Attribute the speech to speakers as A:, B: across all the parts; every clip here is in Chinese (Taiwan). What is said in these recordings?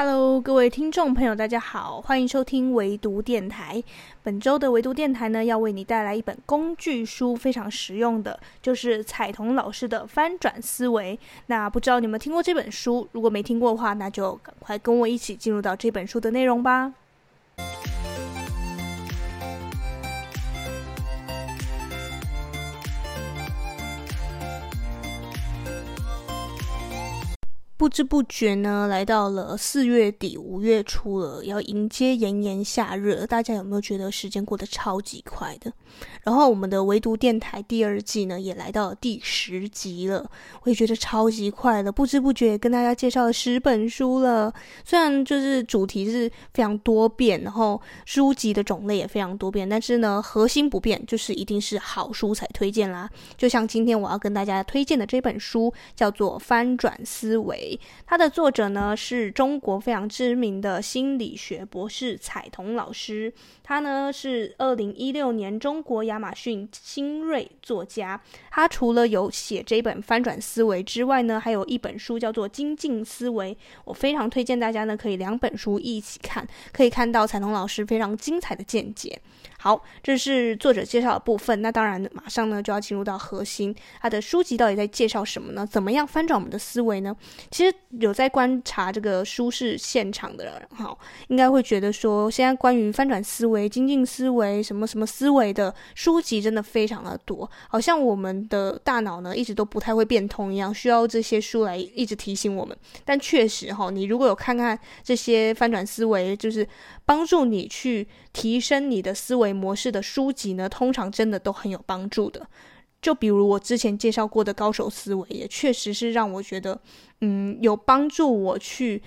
A: Hello，各位聽眾朋友，大家好，歡迎收聽唯讀電台。本週的唯讀電台呢，要為你帶來一本工具書，非常實用的，就是采銅老師的《翻轉思維》。那不知道你們聽過這本書？如果沒聽過的話，那就趕快跟我一起進入到這本書的內容吧。不知不覺呢，來到了四月底五月初了，要迎接炎炎夏日。大家有沒有覺得時間過得超級快的？然後我們的唯讀電台第二季呢，也來到了第十集了，我也覺得超級快了。不知不覺也跟大家介紹了十本書了，雖然就是主題是非常多變，然後書籍的種類也非常多變，但是呢，核心不變就是一定是好書才推薦啦。就像今天我要跟大家推薦的這本書，叫做《翻轉思維》。他的作者呢，是中國非常知名的心理學博士采銅老師。他呢，是二零一六年中國亞馬遜新銳作家。他除了有寫這一本《翻轉思維》之外呢，還有一本書叫做《精進思維》。我非常推薦大家呢，可以兩本書一起看，可以看到采銅老師非常精彩的見解。好，這是作者介紹的部分。那當然，馬上呢就要進入到核心，他的書籍到底在介紹什麼呢？怎麼樣翻轉我們的思維呢？其實有在觀察這個書是現場的人哈，應該會覺得說，現在關於翻轉思維。精進思維什麼什麼思維的書籍真的非常的多，好像我們的大腦呢一直都不太會變通一樣，需要這些書來一直提醒我們。但確實哈、哦，你如果有看看這些翻轉思維，就是幫助你去提升你的思維模式的書籍呢，通常真的都很有幫助的。就比如我之前介紹過的《高手思維》，也確實是讓我覺得，嗯，有幫助我去。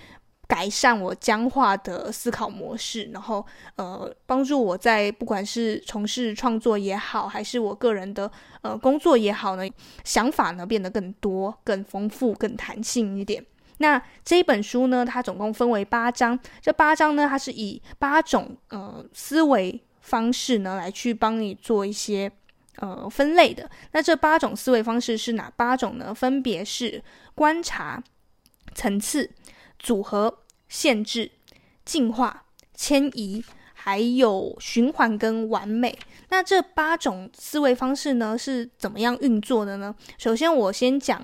A: 改善我僵化的思考模式，然後呃幫助我在不管是從事創作也好，還是我個人的呃工作也好呢，想法呢變得更多、更豐富、更彈性一點。那這一本書呢，它總共分為八章，這八章呢，它是以八種呃思維方式呢，來去幫你做一些呃分類的。那這八種思維方式是哪八種呢？分別是觀察、層次、組合。限制、進化、遷移，還有循環跟完美，那這八種思維方式呢是怎麼樣運作的呢？首先，我先講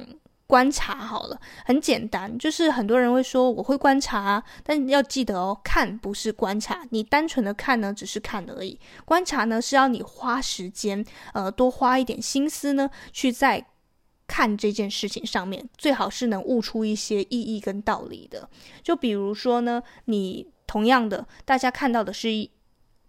A: 觀察好了，很簡單，就是很多人會說我會觀察啊，但要記得哦，看不是觀察，你單純的看呢只是看而已，觀察呢是要你花時間，呃，多花一點心思呢去在。看這件事情上面，最好是能悟出一些意義跟道理的。就比如說呢，你同樣的，大家看到的是一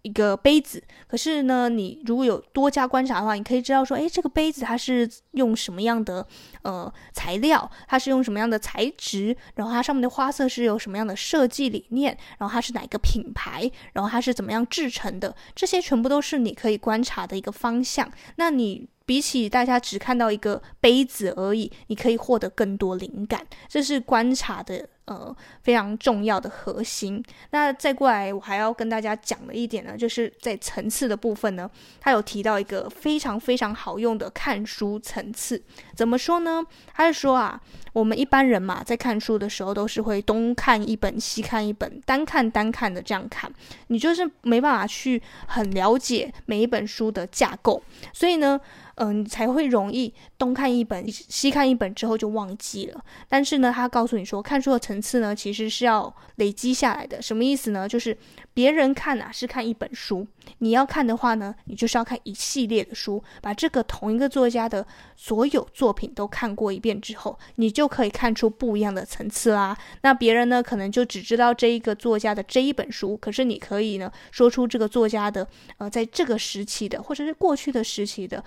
A: 一個杯子，可是呢，你如果有多加觀察的話，你可以知道說，誒，這個杯子它是用什麼樣的呃材料，它是用什麼樣的材質，然後它上面的花色是有什麼樣的設計理念，然後它是哪個品牌，然後它是怎麼樣製成的，這些全部都是你可以觀察的一個方向。那你。比起大家只看到一個杯子而已，你可以獲得更多靈感。這是觀察的呃，非常重要的核心。那再過來，我還要跟大家講的一點呢，就是在層次的部分呢，他有提到一個非常非常好用的看書層次。怎麼說呢？他是說啊，我們一般人嘛，在看書的時候都是會東看一本，西看一本，單看單看的這樣看，你就是沒辦法去很了解每一本書的架構，所以呢，嗯、呃，你才會容易東看一本，西看一本之後就忘記了。但是呢，他告訴你說，看書的層。次呢，其實是要累積下來的。什麼意思呢？就是別人看啊，是看一本書；你要看的話呢，你就是要看一系列的書，把這個同一個作家的所有作品都看過一遍之後，你就可以看出不一樣的層次啦。那別人呢，可能就只知道這一個作家的這一本書，可是你可以呢，說出這個作家的呃，在這個時期的或者是過去的時期的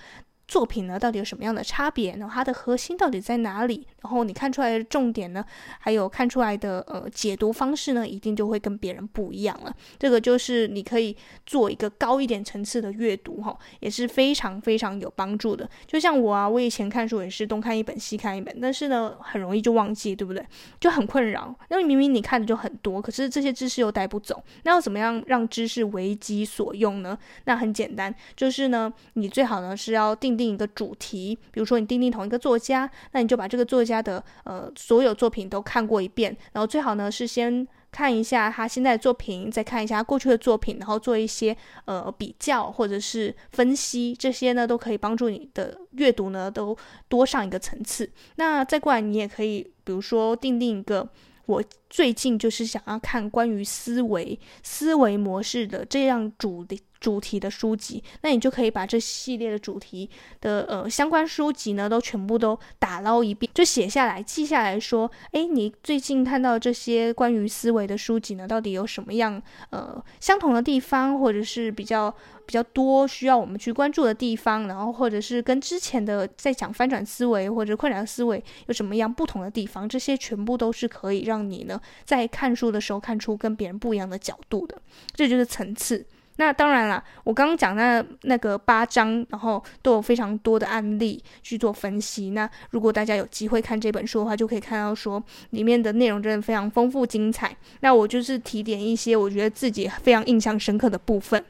A: 作品呢，到底有什麼樣的差別呢？然後它的核心到底在哪裡？然後你看出來的重點呢，還有看出來的呃解讀方式呢，一定就會跟別人不一樣了。這個就是你可以做一個高一點層次的閱讀，也是非常非常有幫助的。就像我啊，我以前看書也是東看一本西看一本，但是呢，很容易就忘記，對不對？就很困擾，因為明明你看的就很多，可是這些知識又帶不走。那要怎麼樣讓知識為己所用呢？那很簡單，就是呢，你最好呢是要定定。定一個主題，比如說你定定同一個作家，那你就把這個作家的呃所有作品都看過一遍，然後最好呢是先看一下他現在的作品，再看一下他過去的作品，然後做一些呃比較或者是分析，這些呢都可以幫助你的閱讀呢都多上一個層次。那再過來你也可以，比如說定定一個，我最近就是想要看關於思維，思維模式的這樣主題。主題的書籍，那你就可以把這系列的主題的呃相關書籍呢，都全部都打撈一遍，就寫下來記下來說，哎，你最近看到這些關於思維的書籍呢，到底有什麼樣呃相同的地方，或者是比較比較多需要我們去關注的地方，然後或者是跟之前的在講翻轉思維或者困難思維有什麼樣不同的地方，這些全部都是可以讓你呢在看書的時候看出跟別人不一樣的角度的，這就是層次。那當然啦，我剛剛講那那個八章，然後都有非常多的案例去做分析。那如果大家有機會看這本書的話，就可以看到說裡面的內容真的非常豐富精彩。那我就是提點一些我覺得自己非常印象深刻的部分，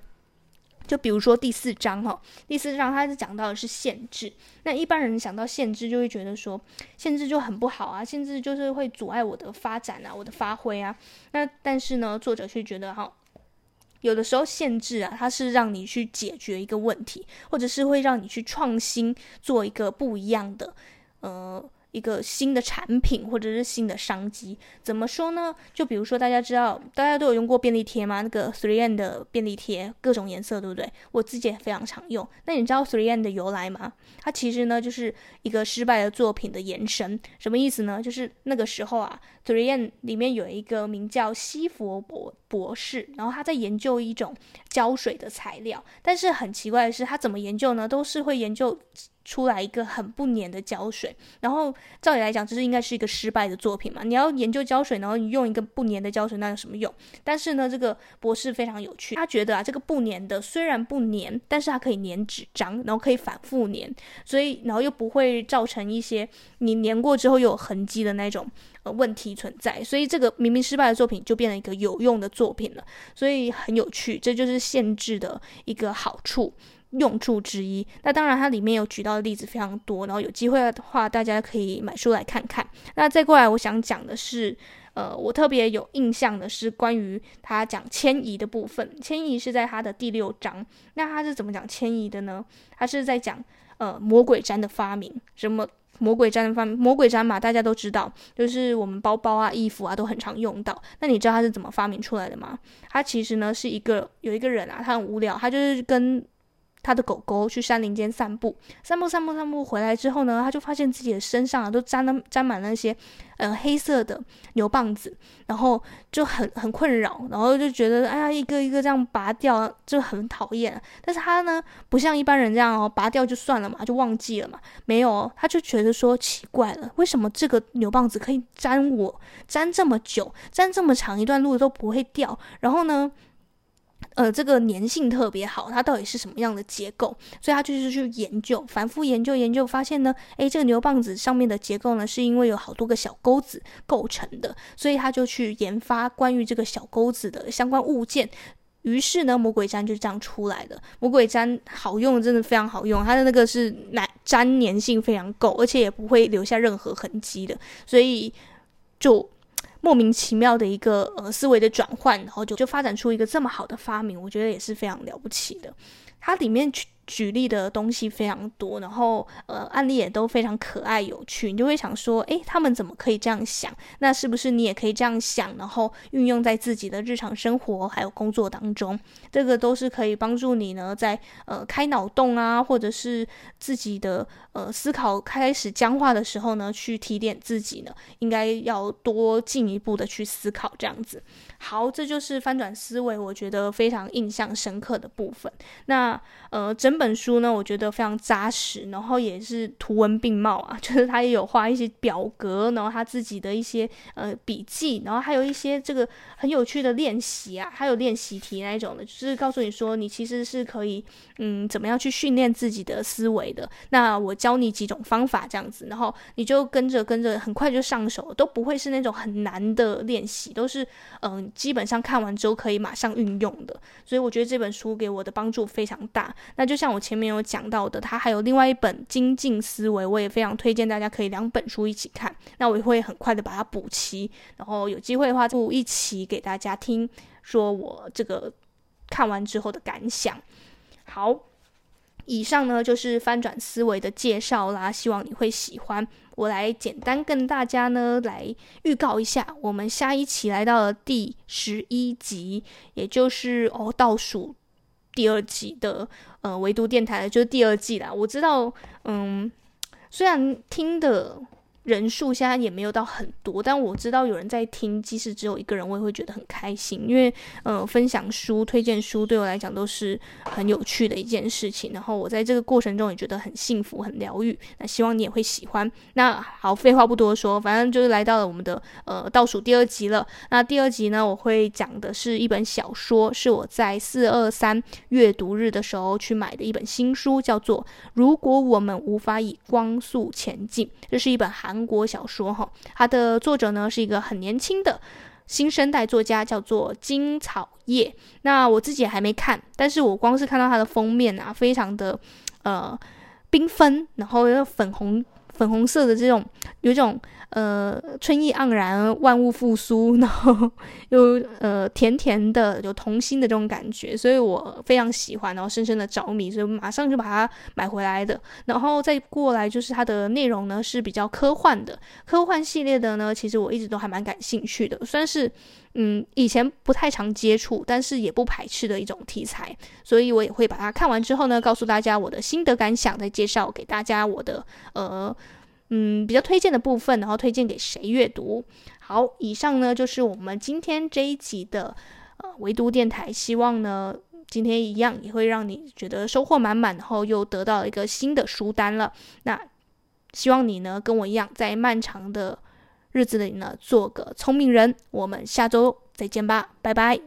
A: 就比如說第四章哈、哦，第四章它是講到的是限制。那一般人想到限制就會覺得說限制就很不好啊，限制就是會阻礙我的發展啊，我的發揮啊。那但是呢，作者卻覺得哈。有的時候限制啊，它是讓你去解決一個問題，或者是會讓你去創新，做一個不一樣的，呃，一個新的產品，或者是新的商機。怎麼說呢？就比如說大家知道，大家都有用過便利貼嗎？那個 3M 的便利貼，各種顏色，對不對？我自己也非常常用。那你知道 3M 的由來嗎？它其實呢，就是一個失敗的作品的延伸。什麼意思呢？就是那個時候啊。3M 裡面有一個名叫西佛博博士，然後他在研究一種膠水的材料，但是很奇怪的是，他怎麼研究呢？都是會研究出來一個很不粘的膠水。然後照理來講，這是應該是一個失敗的作品嘛？你要研究膠水，然後你用一個不粘的膠水，那有什麼用？但是呢，這個博士非常有趣，他覺得啊，這個不粘的雖然不粘，但是它可以粘紙張，然後可以反覆粘，所以然後又不會造成一些你粘過之後又有痕迹的那種。呃，問題存在，所以這個明明失敗的作品就變成一個有用的作品了，所以很有趣，這就是限制的一個好處、用處之一。那當然，它裡面有舉到的例子非常多，然後有機會的話，大家可以買書來看看。那再過來，我想講的是，呃，我特別有印象的是關於他講遷移的部分。遷移是在他的第六章。那他是怎麼講遷移的呢？他是在講呃，魔鬼氈的發明，什麼？魔鬼氈的發明，魔鬼氈嘛，大家都知道，就是我們包包啊、衣服啊都很常用到。那你知道它是怎麼發明出來的嗎？它其實呢是一個有一個人啊，他很無聊，他就是跟。他的狗狗去山林間散步，散步、散步、散步回來之後呢，他就發現自己的身上啊都沾了沾滿了那些，嗯、呃，黑色的牛蒡子，然後就很很困擾，然後就覺得哎呀，一個一個這樣拔掉就很討厭。但是他呢，不像一般人這樣哦，拔掉就算了嘛，就忘記了嘛，沒有，他就覺得說奇怪了，為什麼這個牛蒡子可以粘我，粘這麼久，粘這麼長一段路都不會掉？然後呢？呃，這個粘性特別好，它到底是什麼樣的結構？所以他就是去研究，反覆研究研究，發現呢，誒、欸，這個牛蒡子上面的結構呢，是因為有好多個小鈎子構成的，所以他就去研發關於這個小鈎子的相關物件。於是呢，魔鬼氈就這樣出來的。魔鬼氈好用，真的非常好用，它的那個是粘粘性非常夠，而且也不會留下任何痕跡的，所以就。莫名其妙的一個呃思維的轉換，然後就就發展出一個這麼好的發明，我覺得也是非常了不起的。它裡面去。舉例的東西非常多，然後呃案例也都非常可愛有趣，你就會想說，誒，他們怎麼可以這樣想？那是不是你也可以這樣想？然後運用在自己的日常生活還有工作當中，這個都是可以幫助你呢，在呃開腦洞啊，或者是自己的呃思考開始僵化的時候呢，去提點自己呢，應該要多進一步的去思考這樣子。好，這就是翻轉思維，我覺得非常印象深刻的部分。那呃真。整本書呢，我覺得非常扎實，然後也是圖文並茂啊，就是他也有畫一些表格，然後他自己的一些呃筆記，然後還有一些這個很有趣的練習啊，還有練習題那一種的，就是告訴你說你其實是可以嗯怎麼樣去訓練自己的思維的。那我教你幾種方法這樣子，然後你就跟着跟着很快就上手，都不會是那種很難的練習，都是嗯、呃、基本上看完之後可以馬上運用的。所以我覺得這本書給我的幫助非常大，那就。像我前面有講到的，它還有另外一本《精進思維》，我也非常推薦大家可以兩本書一起看。那我也會很快的把它補齊，然後有機會的話就一起給大家聽說我這個看完之後的感想。好，以上呢就是翻轉思維的介紹啦，希望你會喜歡。我來簡單跟大家呢來預告一下，我們下一期來到了第十一集，也就是哦倒數。第二季的呃，唯獨電台就是第二季啦。我知道，嗯，雖然聽的人數現在也沒有到很多，但我知道有人在聽，即使只有一個人，我也會覺得很開心。因為，呃，分享書、推薦書對我來講都是很有趣的一件事情。然後我在這個過程中也覺得很幸福、很療癒。那希望你也會喜歡。那好，廢話不多說，反正就是來到了我們的呃倒數第二集了。那第二集呢，我會講的是一本小說，是我在四二三閱讀日的時候去買的一本新書，叫做《如果我們無法以光速前進》。這是一本韓。韓國小說哈，它的作者呢是一個很年輕的新生代作家，叫做金草葉。那我自己還沒看，但是我光是看到它的封面啊，非常的呃繽紛，然後又粉紅。粉紅色的這種，有一種呃春意盎然、萬物復甦，然後又呃甜甜的、有童心的這種感覺，所以我非常喜歡，然後深深的着迷，所以馬上就把它買回來的。然後再過來就是它的內容呢是比較科幻的，科幻系列的呢，其實我一直都還蠻感興趣的，算是。嗯，以前不太常接觸，但是也不排斥的一種題材，所以我也會把它看完之後呢，告訴大家我的心得感想，再介紹給大家我的呃，嗯，比較推薦的部分，然後推薦給誰閱讀。好，以上呢就是我們今天這一集的呃圍讀電台，希望呢今天一樣也會讓你覺得收穫滿滿，然後又得到一個新的書單了。那希望你呢跟我一樣，在漫長的日子裡呢，做個聰明人。我們下周再見吧，拜拜。